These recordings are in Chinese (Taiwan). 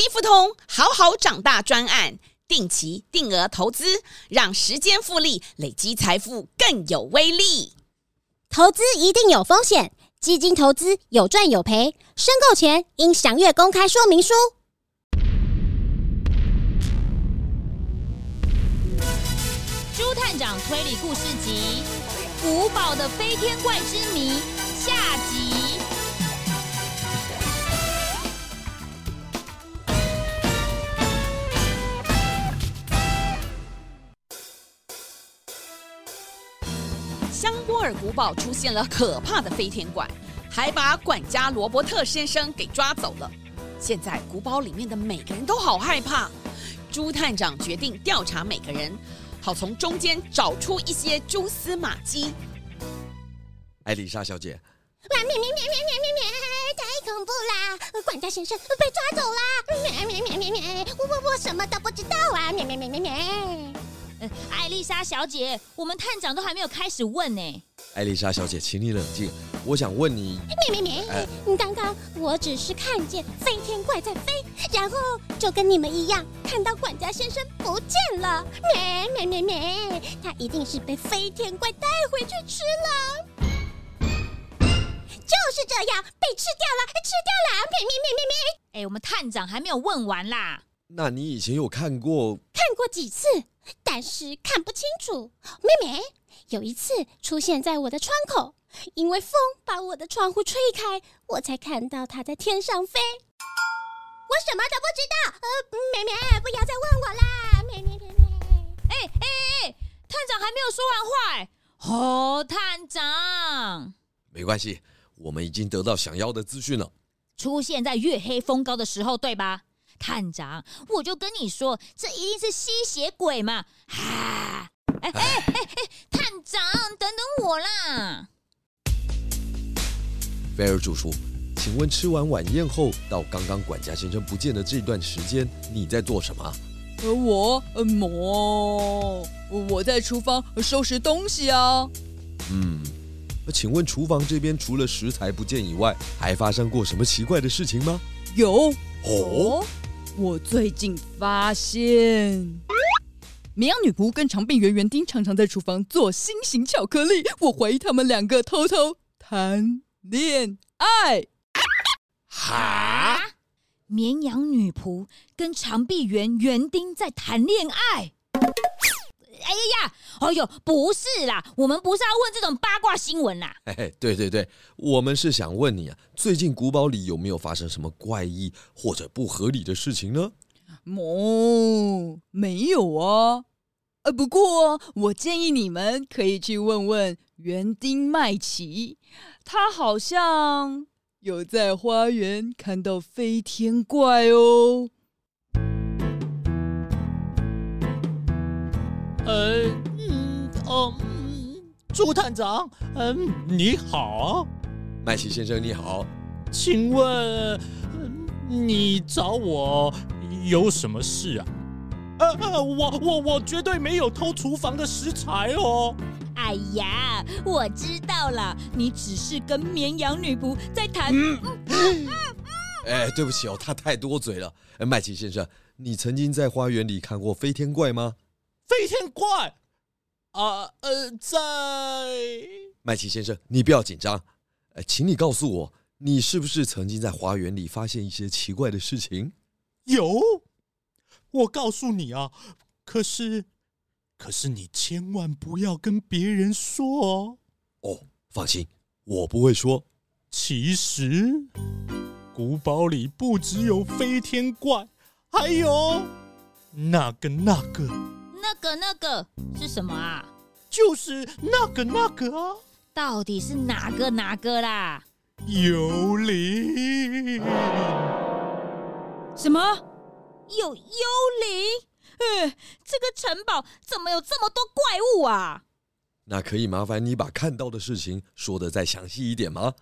基富通好好長大專案，定期定額投資，讓時間複利累積財富更有威力。投資一定有風險，基金投資有賺有賠，申購前應詳閱公開說明書。豬探長推理故事集《古堡的飛天怪之謎》下集。波爾古堡出現了可怕的飛天怪，還把管家羅伯特先生給抓走了。現在古堡裡面的每個人都好害怕。豬探長決定調查每個人，好從中間找出一些蛛絲馬跡。艾麗莎小姐，喵喵喵喵喵喵喵！太恐怖啦！管家先生被抓走了！喵喵喵喵喵！我我我什麼都不知道啊！喵喵喵喵喵！嗯，艾麗莎小姐，我們探長都還沒有開始問呢。艾麗莎小姐，請你冷靜。我想問你，妹，妹妹，咩、呃！你剛剛我只是看見飛天怪在飛，然後就跟你們一樣，看到管家先生不見了。妹妹，妹咩，他一定是被飛天怪帶回去吃了。就是這樣，被吃掉了，吃掉了！妹妹，妹，妹妹，咩！哎，我們探長還沒有問完啦。那你以前有看過？看過幾次，但是看不清楚。妹妹。有一次出現在我的窗口，因為風把我的窗戶吹開，我才看到它在天上飛。我什麼都不知道，呃，妹妹不要再問我啦，妹妹妹妹。哎哎哎，探長還沒有說完話，哎，好，探長，沒關係，我們已經得到想要的資訊了。出現在月黑風高的時候，對吧？探長，我就跟你說，這一定是吸血鬼嘛。啊哎哎哎哎，探長，等等我啦！菲爾主廚，請問吃完晚宴後到剛剛管家先生不見的這段時間，你在做什麼？呃，我，我，我在廚房收拾東西啊。嗯，請問廚房這邊除了食材不見以外，還發生過什麼奇怪的事情嗎？有。哦，我最近發現。綿羊女僕跟長臂猿園丁常常在廚房做心形巧克力，我懷疑他們兩個偷偷談戀愛。哈！綿羊女僕跟長臂猿園丁在談戀愛？哎呀呀，哎呦，不是啦，我們不是要問這種八卦新聞啦、啊。哎，對對對，我們是想問你啊，最近古堡裡有沒有發生什麼怪異或者不合理的事情呢？沒、哦，沒有啊、哦。不過，我建議你們可以去問問園丁麥琪，他好像有在花園看到飛天怪哦。呃、嗯嗯，哦，豬探長，嗯，你好，麥琪先生，你好，請問你找我有什麼事啊？呃呃，我我我絕對沒有偷廚房的食材哦！哎呀，我知道了，你只是跟綿羊女僕在談。哎，對不起哦，她太多嘴了。麥琪先生，你曾經在花園裡看過飛天怪嗎？飛天怪？啊、呃，呃，在。麥琪先生，你不要緊張、呃。請你告訴我，你是不是曾經在花園裡發現一些奇怪的事情？有。我告訴你啊，可是，可是你千萬不要跟別人說哦。哦，放心，我不會說。其實，古堡裡不只有飛天怪，還有那個那個那個那個是什麼啊？就是那個那個啊。到底是哪個哪個啦？幽靈？什麼？有幽靈？呃，這個城堡怎麼有這麼多怪物啊？那可以麻煩你把看到的事情說得再詳細一點嗎？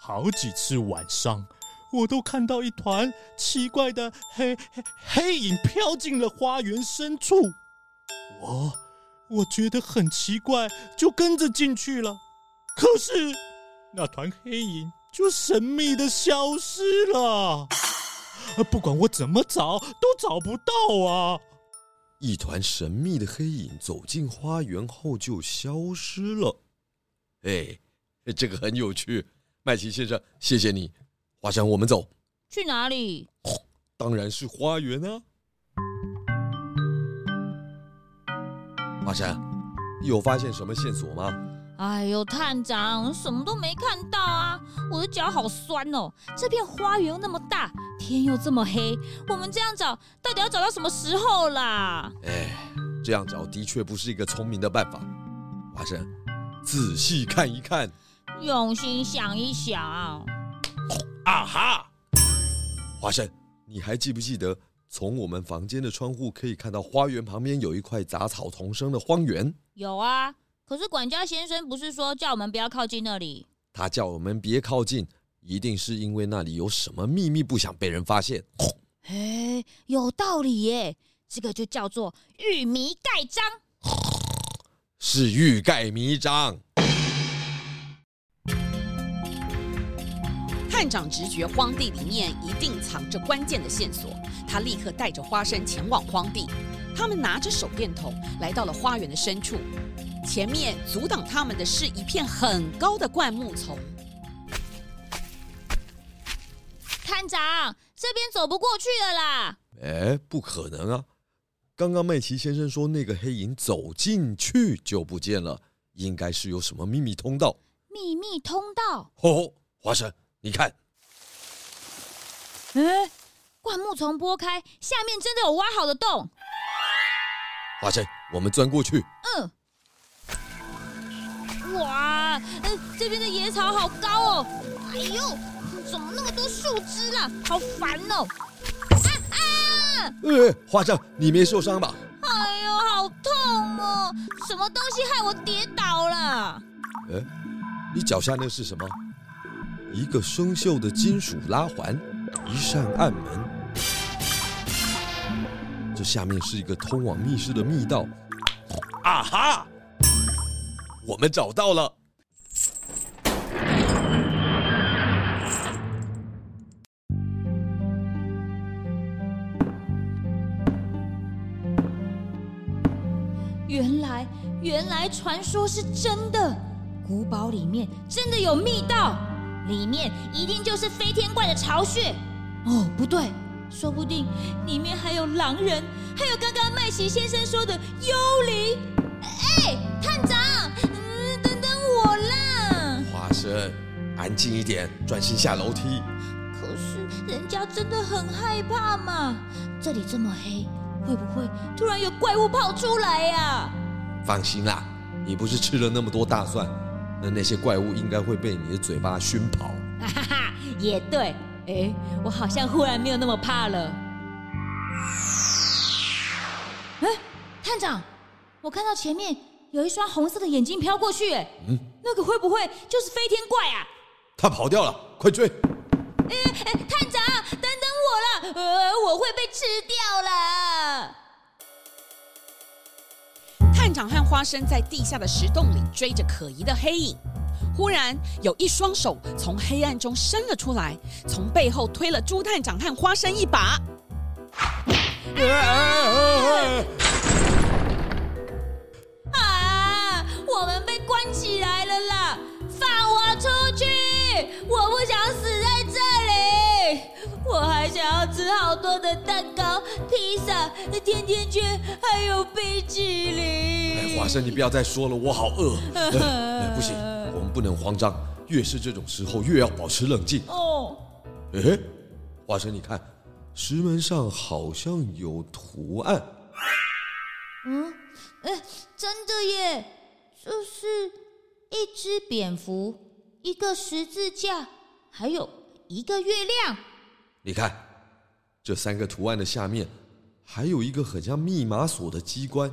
好幾次晚上，我都看到一團奇怪的黑黑，黑影飄進了花園深處。我我覺得很奇怪，就跟着進去了。可是那團黑影……就神秘的消失了，不管我怎麼找，都找不到啊！一團神秘的黑影走進花園後就消失了。哎，這個很有趣，麥奇先生，謝謝你。華山，我們走。去哪裡？哦，當然是花園啊。華山，有發現什麼線索嗎？哎呦，探長，什麼都沒看到啊。我的腳好酸哦！這片花園又那麼大，天又這麼黑，我們這樣找到底要找到什麼時候啦？哎，這樣找的確不是一個聰明的辦法。華生，仔細看一看，用心想一想。啊哈！華生，你還記不記得，從我們房間的窗戶可以看到花園旁邊有一塊雜草叢生的荒原？有啊，可是管家先生不是說叫我們不要靠近那裡？他叫我們別靠近，一定是因為那裡有什麼秘密不想被人發現。哎，有道理耶，這個就叫做玉米蓋章，是欲蓋彌彰。探長直覺荒地裡面一定藏着關鍵的線索，他立刻帶着花生前往荒地。他們拿着手電筒來到了花園的深處。前面阻擋他們的是一片很高的灌木叢。探長，這邊走不過去了啦！哎，不可能啊！剛剛麥奇先生說那個黑影走進去就不見了，應該是有什麼秘密通道。秘密通道？哦，華生，你看，嗯，灌木叢撥開，下面真的有挖好的洞。華生，我們鑽過去。嗯。哇，嗯、呃，這邊的野草好高哦！哎呦，怎麼那麼多樹枝啊？好煩哦！啊啊！呃、哎哎，花匠，你沒受傷吧？哎呦，好痛哦！什麼東西害我跌倒了？嗯、哎，你腳下那是什麼？一個生鏽的金屬拉環，一扇暗門。這下面是一個通往密室的密道。啊哈！我們找到了，原來原來傳說是真的，古堡裡面真的有密道，裡面一定就是飛天怪的巢穴。哦，不對，說不定裡面還有狼人，還有剛剛麥奇先生說的幽靈。哎，探長。安靜一點，專心下樓梯。可是人家真的很害怕嘛，這裡這麼黑，會不會突然有怪物跑出來呀？啊？放心啦，你不是吃了那麼多大蒜，那那些怪物應該會被你的嘴巴燻跑。啊、哈哈，也對。哎、欸，我好像忽然沒有那麼怕了。哎、欸，探長，我看到前面，有一雙紅色的眼睛飄過去，嗯，那個會不會就是飛天怪啊？他跑掉了，快追！哎哎，探長，等等我了，我會被吃掉了。探長和花生在地下的石洞裡追着可疑的黑影，忽然有一雙手從黑暗中伸了出來，從背後推了豬探長和花生一把。我們被關起來了啦！放我出去！我不想死在這裡，我還想要吃好多的蛋糕、披薩、甜甜圈，還有冰淇淋。哎，華生，你不要再說了，我好餓。哎。不行，我們不能慌張，越是這種時候，越要保持冷靜。哦。哎，華生，你看，石門上好像有圖案。嗯，哎，真的耶。這是一只蝙蝠，一個十字架，還有一個月亮。你看，這三個圖案的下面，還有一個很像密碼鎖的機關。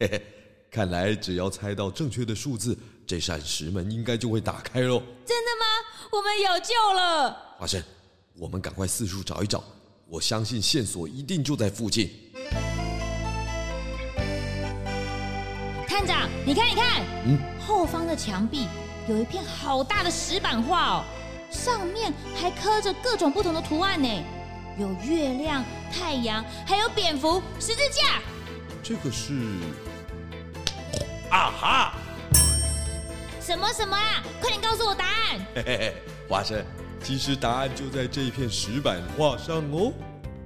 嘿嘿，看來只要猜到正確的數字，這扇石門應該就會打開嘍。真的嗎？我們有救了！華生，我們趕快四處找一找，我相信線索一定就在附近。探長，你看一看，嗯，後方的牆壁有一片好大的石板畫哦，上面還刻着各種不同的圖案呢，有月亮、太陽，還有蝙蝠、十字架。這個是啊哈？什麼什麼啊？快點告訴我答案！華生，其實答案就在這一片石板畫上哦。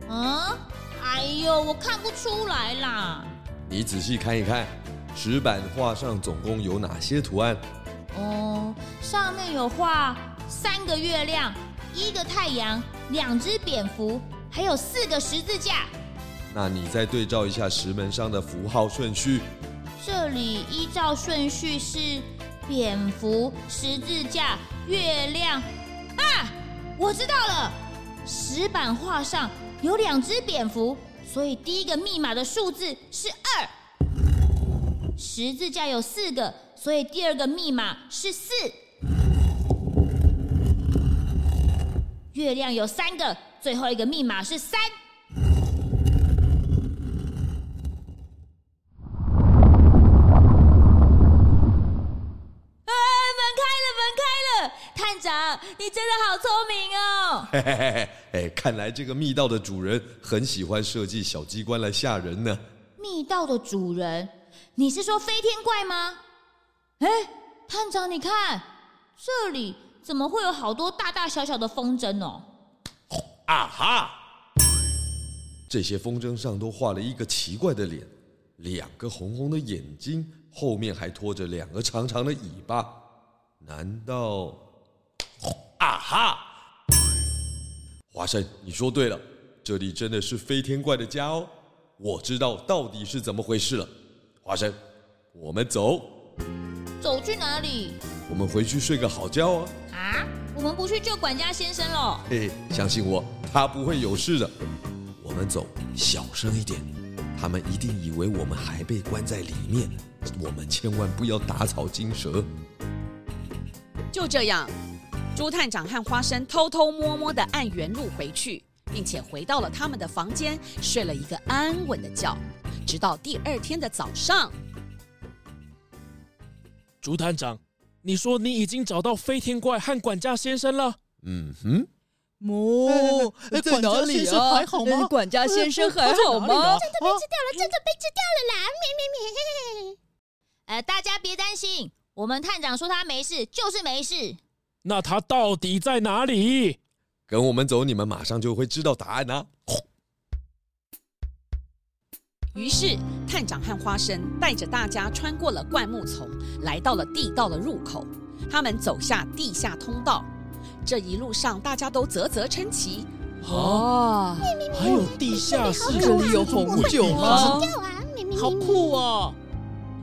嗯，哎呦，我看不出來啦。你仔細看一看。石板畫上總共有哪些圖案？哦、嗯，上面有畫三個月亮、一個太陽、兩隻蝙蝠，還有四個十字架。那你再對照一下石門上的符號順序。這裡依照順序是蝙蝠、十字架、月亮。啊，我知道了。石板畫上有兩隻蝙蝠，所以第一個密碼的數字是二。十字架有四個，所以第二個密碼是四。月亮有三個，最後一個密碼是三。哎、啊，門開了，門開了！探長，你真的好聰明哦！嘿嘿嘿嘿，哎，看來這個密道的主人很喜歡設計小機關來嚇人呢、啊。密道的主人。你是說飛天怪嗎？哎，探長，你看這裡怎麼會有好多大大小小的風箏哦？啊哈！這些風箏上都畫了一個奇怪的臉，兩個紅紅的眼睛，後面還拖着兩個長長的尾巴，難道？啊哈！華生，你說對了，這裡真的是飛天怪的家哦。我知道到底是怎麼回事了。花生，我們走，走去哪裡？我們回去睡個好覺哦、啊。啊，我們不去救管家先生了？嘿，嘿，相信我，他不會有事的。我們走，小聲一點，他們一定以為我們還被關在裡面，我們千萬不要打草驚蛇。就這樣，豬探長和花生偷偷摸摸地按原路回去，並且回到了他們的房間，睡了一個安穩的覺。直到第二天的早上，豬探長，你說你已經找到飛天怪和管家先生了？嗯哼，哦母，哎、呃啊呃，管家先生還好嗎？呃、管家先生還好嗎？真的、呃啊、被吃掉了！真的、啊、被吃掉了！啊、掉了啦咩咩咩！呃，大家別擔心，我們探長說他沒事，就是沒事。那他到底在哪裡？跟我們走，你們馬上就會知道答案啦、啊。於是，探長和花生帶着大家穿過了灌木叢，來到了地道的入口。他們走下地下通道，這一路上大家都嘖嘖稱奇。啊！啊，還有地下室裡有紅酒嗎？好酷啊、哦！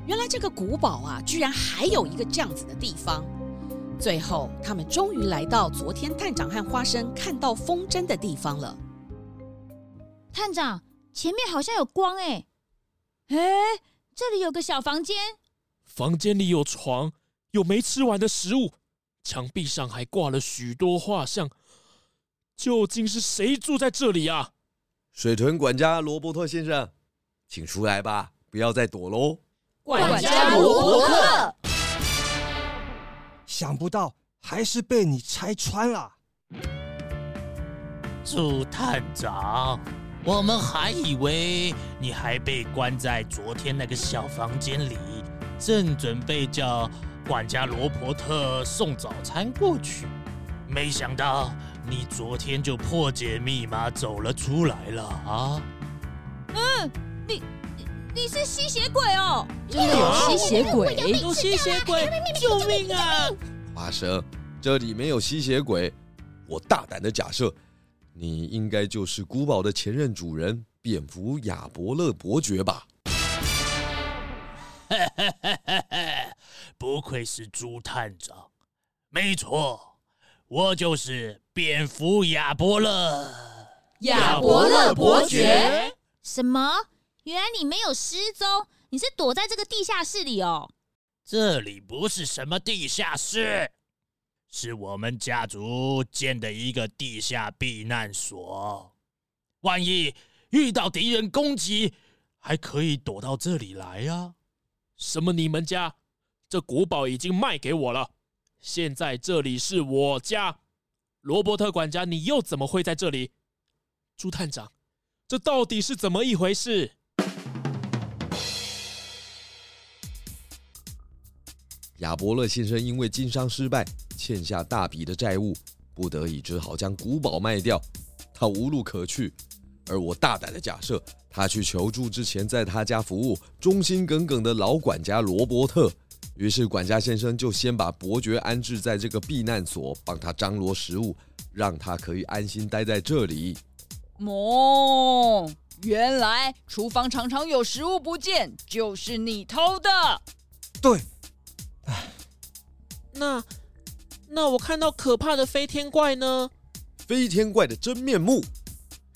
原來這個古堡啊，居然還有一個這樣子的地方。最後，他們終於來到昨天探長和花生看到風箏的地方了。探長。前面好像有光哎、欸，哎，這裡有個小房間，房間裡有床，有沒吃完的食物，牆壁上還掛了許多畫像，究竟是誰住在這裡啊？水豚管家羅伯特先生，請出來吧，不要再躲嘍！管家羅伯特，想不到還是被你拆穿了，豬探長。我們還以為你還被關在昨天那個小房間裡，正準備叫管家羅伯特送早餐過去，沒想到你昨天就破解密碼走了出來了啊！嗯，你你，你是吸血鬼哦！真的、啊、有吸血鬼？有，有，有，你有吸血鬼！啊！救命啊！救命啊！花生，這裡沒有吸血鬼，我大膽的假設。你應該就是古堡的前任主人蝙蝠亞伯勒伯爵吧？ 不愧是豬探長，沒錯，我就是蝙蝠亞伯勒，亞伯勒伯爵。什麼？原來你沒有失蹤，你是躲在這個地下室裡哦？這裡不是什麼地下室。是我們家族建的一個地下避難所，萬一遇到敵人攻擊，還可以躲到這裡來呀、啊。什麼？你們家這古堡已經賣給我了，現在這裡是我家。羅伯特管家，你又怎麼會在這裡？豬探長，這到底是怎麼一回事？亞伯勒先生因為經商失敗，欠下大筆的債務，不得已只好將古堡賣掉。他無路可去，而我大膽的假設，他去求助之前，在他家服務忠心耿耿的老管家羅伯特。於是管家先生就先把伯爵安置在這個避難所，幫他張羅食物，讓他可以安心待在這裡。哦，原來廚房常常有食物不見，就是你偷的。對。那那我看到可怕的飛天怪呢？飛天怪的真面目，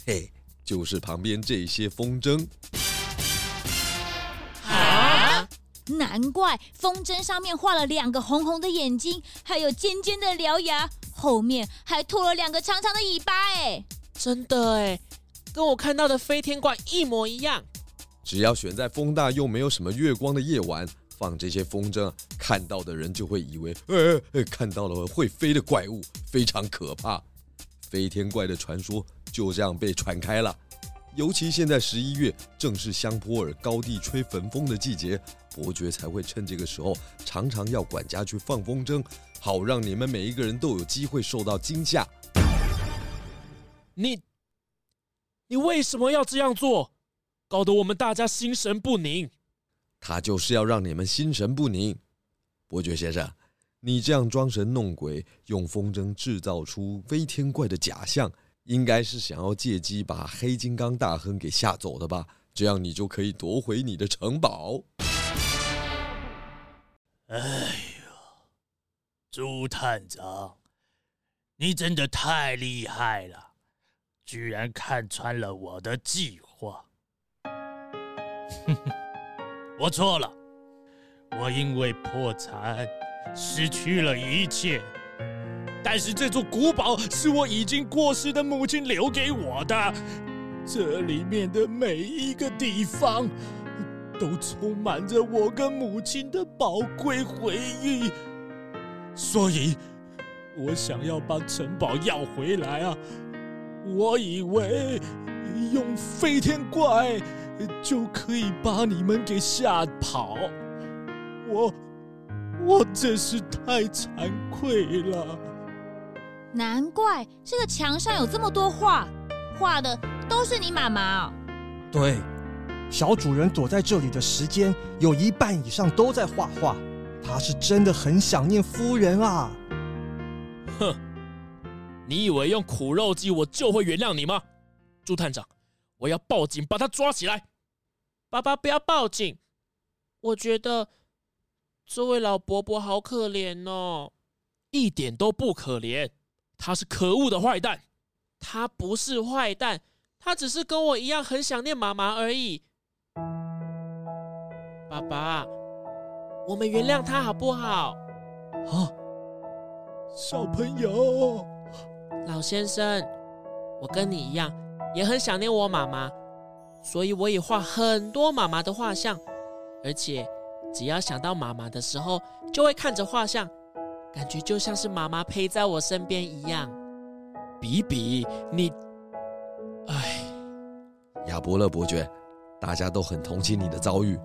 嘿，就是旁邊這些風箏。啊！難怪風箏上面畫了兩個紅紅的眼睛，還有尖尖的獠牙，後面還拖了兩個長長的尾巴。哎，真的哎，跟我看到的飛天怪一模一樣。只要選在風大又沒有什麼月光的夜晚，放這些風箏，看到的人就會以為，呃、哎哎，看到了會飛的怪物，非常可怕。飛天怪的傳說就這樣被傳開了。尤其現在十一月，正是香波爾高地吹焚風的季節，伯爵才會趁這個時候，常常要管家去放風箏，好讓你們每一個人都有機會受到驚嚇。你，你為什麼要這樣做？搞得我們大家心神不寧。他就是要讓你們心神不寧，伯爵先生，你這樣裝神弄鬼，用風箏制造出飛天怪的假象，應該是想要借機把黑金剛大亨給嚇走的吧？這樣你就可以奪回你的城堡。哎呦，豬探長，你真的太厲害了，居然看穿了我的計劃。 我錯了，我因為破產失去了一切，但是這座古堡是我已經過世的母親留給我的，這裡面的每一個地方都充滿着我跟母親的寶貴回憶，所以我想要把城堡要回來啊！我以為用飛天怪。就可以把你們給嚇跑，我我真是太慚愧了。難怪這個牆上有這麼多畫，畫的都是你媽媽。哦。對，小主人躲在這裡的時間有一半以上都在畫畫，他是真的很想念夫人啊。哼，你以為用苦肉計我就會原諒你嗎，豬探長？我要報警，把他抓起來。爸爸，不要報警。我覺得這位老伯伯好可憐哦。一點都不可憐。他是可惡的壞蛋。他不是壞蛋，他只是跟我一樣很想念媽媽而已。爸爸，我們原諒他好不好？好。哦，小朋友。哦，老先生，我跟你一樣也很想念我媽媽，所以我也畫很多媽媽的畫像。而且，只要想到媽媽的時候，就會看着畫像，感覺就像是媽媽陪在我身邊一樣。比比，你，唉，亞伯樂伯爵，大家都很同情你的遭遇，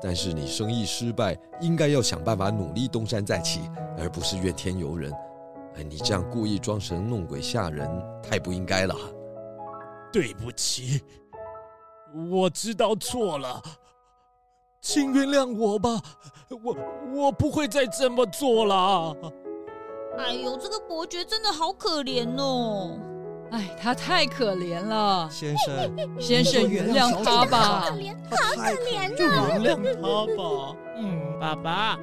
但是你生意失敗，應該要想辦法努力東山再起，而不是怨天尤人。哎，你這樣故意裝神弄鬼嚇人，太不應該了。對不起，我知道錯了，請原諒我吧，我我不會再這麼做了。哎呦，這個伯爵真的好可憐哦！哎，他太可憐了，先生，先生，原諒他吧，他可憐，好可憐，就原諒他吧。 嗯，爸爸，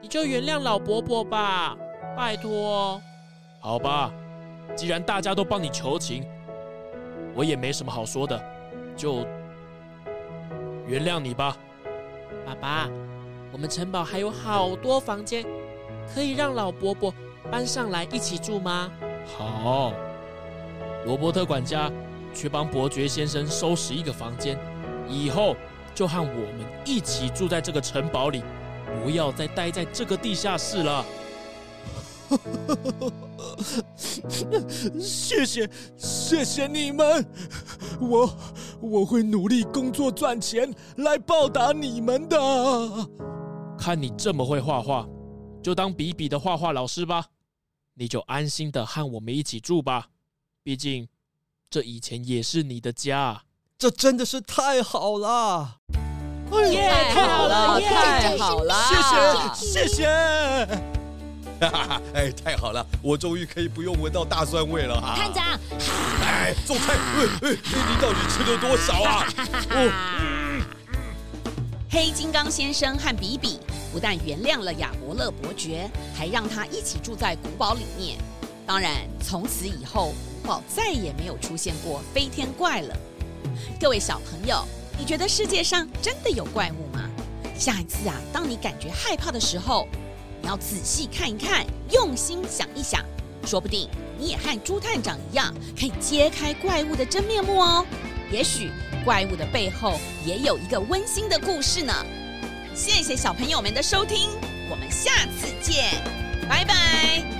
你就原諒老伯伯吧，拜託。好吧，既然大家都幫你求情，我也沒什麼好說的，就原諒你吧。爸爸，我們城堡還有好多房間，可以讓老伯伯搬上來一起住嗎？好，羅伯特管家去幫伯爵先生收拾一個房間，以後就和我們一起住在這個城堡裡，不要再待在這個地下室了。 謝謝，謝謝你們！我我會努力工作賺錢來報答你們的。看你這麼會畫畫，就當比比的畫畫老師吧。你就安心的和我們一起住吧，畢竟這以前也是你的家。這真的是太好了！太好了！太好了！太好了！太好了！謝謝，謝謝。哎，太好了，我終於可以不用聞到大蒜味了哈！探長，哎，菜，哎，你你到底吃了多少啊？哦嗯、黑金剛先生和比比不但原諒了亞伯樂伯爵，還讓他一起住在古堡裡面。當然，從此以後，古堡再也沒有出現過飛天怪了。各位小朋友，你覺得世界上真的有怪物嗎？下一次啊，當你感覺害怕的時候，你要仔細看一看，用心想一想，說不定你也和豬探長一樣，可以揭開怪物的真面目哦。也許怪物的背後也有一個溫馨的故事呢。謝謝小朋友們的收聽，我們下次見，拜拜。